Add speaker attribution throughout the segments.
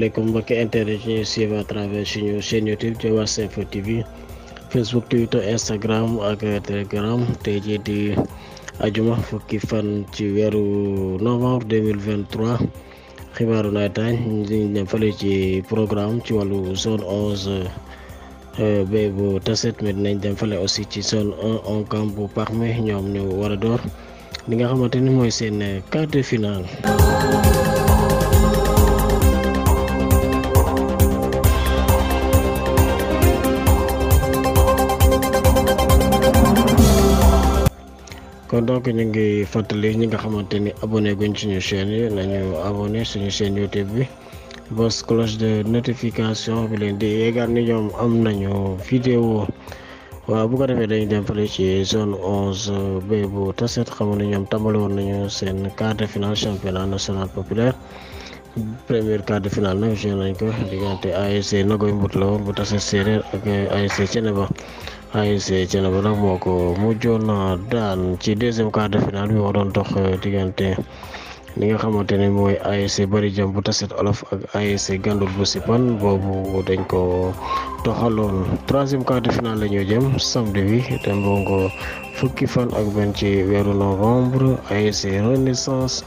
Speaker 1: les mbokki internet yi suivre à travers suñu chaîne YouTube Diobass Info TV Facebook Twitter Instagram ak Telegram tey jii di ajuma fukki fan ci weeru novembre 2023 xibaaru nawetaan ñu dem falé ci programme ci walu zone 11 euh, B bu Tasset mais dinañ dem falé aussi ci zone 1 Ouakam bu parmi ñom ñu wara a door li nga xamante moy sen carte quart de finale. kon donc ñu ngi fàttali ñi nga xamante ni abonné guñ suñu chaîne yi nañu abonné suñu chaîne YouTube bi bos cloche de notification bi leen di yeggaat ni ñoom am nañu vidéo waaw bu ko defee dañu dem fële ci zone onze b bu taset xamu ne ñoom tàmbali woon nañu seen quart de finale championnat national populaire premier quart finale nag joué nañ ko diggante ASC Nagoy Mbut la woon bu taset séeréer ak ASC Ceneba ASC Thiénaba nag moo ko mujjoon daan ci deuxième quart de finale bi moo doon dox euh, diggante li nga xamante ne mooy ASC Bari Jam bu Tasset Olof ak ASC Gandul bu Sipan boobu dañ ko doxaloon troisième quart de finale la ñu jëm samedi bi te mbongo fukki fan ak benn ci weeru novembre ASC Renaissance.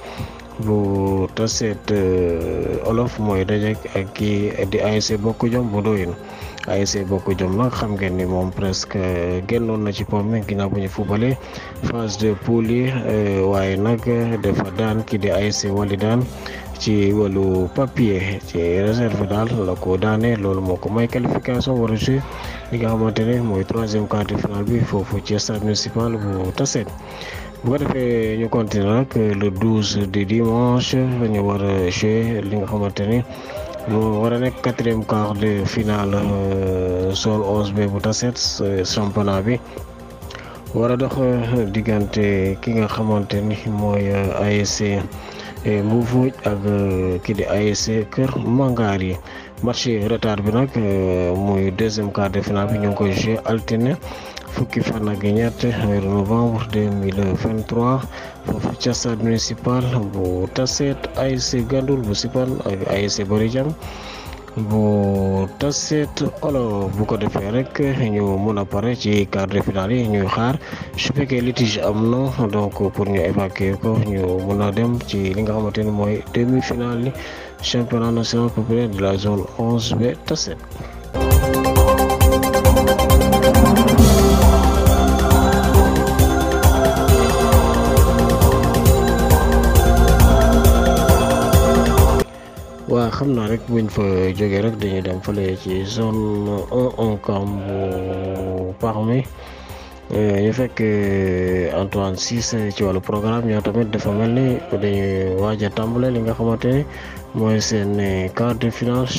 Speaker 1: bu taseet euh, olof mooy dajeek ak kii di ASC Bokk Jom bu Doyin ASC Bokk Jom nag xam ngeen ni moom presque euh, génnoon na ci pom mi ginnaaw bu ñu fubale phase de poule euh, waaye nag dafa daan kii di ASC daan ci wàllu papier ci réserve daal la ko daane loolu moo ko may qualification war a jouer li nga xamante ne mooy troisième quart de bi foofu ci stade municipal bu taseet bu ko defee ñu continuer nag le douze di dimanche ñu war a li nga xamante ni mu nekk quatrième quart de final euh, sol onze b bu taset euh, championnat bi war dox euh, diggante ki nga xamante ni mooy ASC Mbour Fodj ak ki di ASC Kër Mangaar yi Marché retard bi nag euh, moy deuxième quart de finale bi ñu koy jouer altine fukki fan ak ñett novembre 2023 mille vingt trois foofu ca stade municipal bu Tasset AIC Gandoul bu sipal ak ASC Bari Jam bu taseet olo bu ko defee rek ñu mëna a ci quart de finale yi ñuy xaar su litige am donc pour ñu évacuer ko ñu mëna dem ci li nga xamante moy demi-finale championnat national populaire de la zone 11 b Tassel. waaw xam naa rek buñ fa jógee rek dañuy dem fële ci zone 1 on camp bu parmi ñu eh, fekk ya Antoine Cissé ci wàllu programme ñoo tamit dafa mel ni dañuy waaj a tàmbale li nga xamante ni mooy seen quart de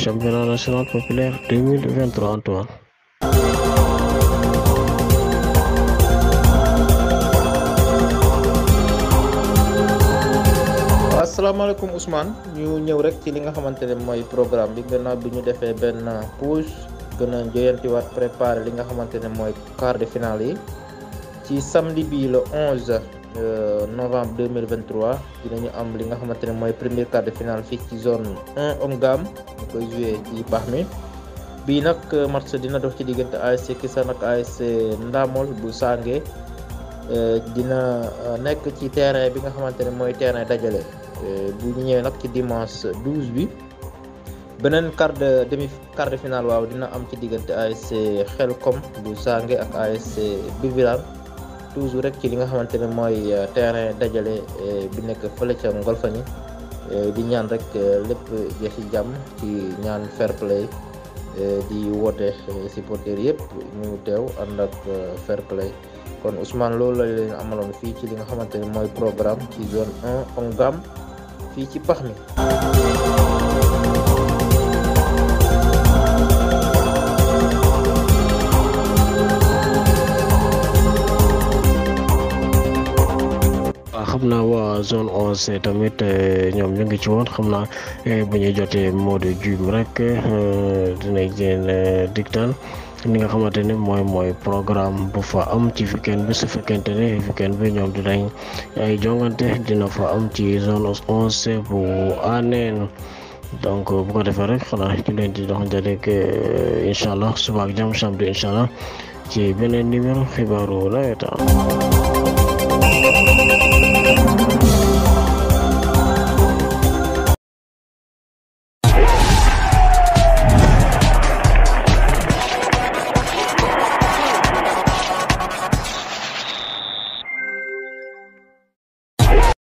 Speaker 1: championnat national populaire 2023 Antoine.
Speaker 2: asalaamaaleykum Ousmane ñu ñëw rek ci li nga xamante ne mooy programme bi gannaaw bi ñu defee benn gën a joyantiwaat préparé li nga xamante ne mooy quart de finale yi ci samedi bi le 11 euh, novembre dina ñu am li nga xamante ne mooy premier quart de finale fii ci zone un Omgam ñu koy joué ci baax mi bii nag euh, match dina dox ci diggante ASC sa ak ASC Ndamol bu Sange euh, dina nekk ci terrain bi nga xamante ne mooy terrain dajale bu ñu ñëwee nag ci dimanche 12 bi benen quart de demi quart de finale waaw dina am ci digënté ASC Xelkom bu sangé ak ASC Bibiram toujours rek ci li nga xamante moy euh, terrain dajalé euh, bi nekk fële ca Ngolfani euh, di ñaan rek lepp jexi jam ci ñaan fair play di woote supporter yépp ñu tew ànd ak fair play kon Ousmane loolu la leen amalon fi ci li nga xamante moy programme ci zone 1 Ongam fi ci pax mi
Speaker 1: waa zone onze tamit euh, ñoom ñu ngi ci woon xam naa euh, bu ñuy jotee moo de rek euh, dina leen digtaan ni nga xamante ni mooy mooy programme bu fa am ci weekend bi su fekkente ne weekend bi ñoom dinañ ay jongante dina fa am ci zone onze bu aneen donc bu defee rek xanaa ñu leen di dox njëriñ incha allah suba ak jàmm samedi incha allah ci beneen numéro xibaaru nawetaan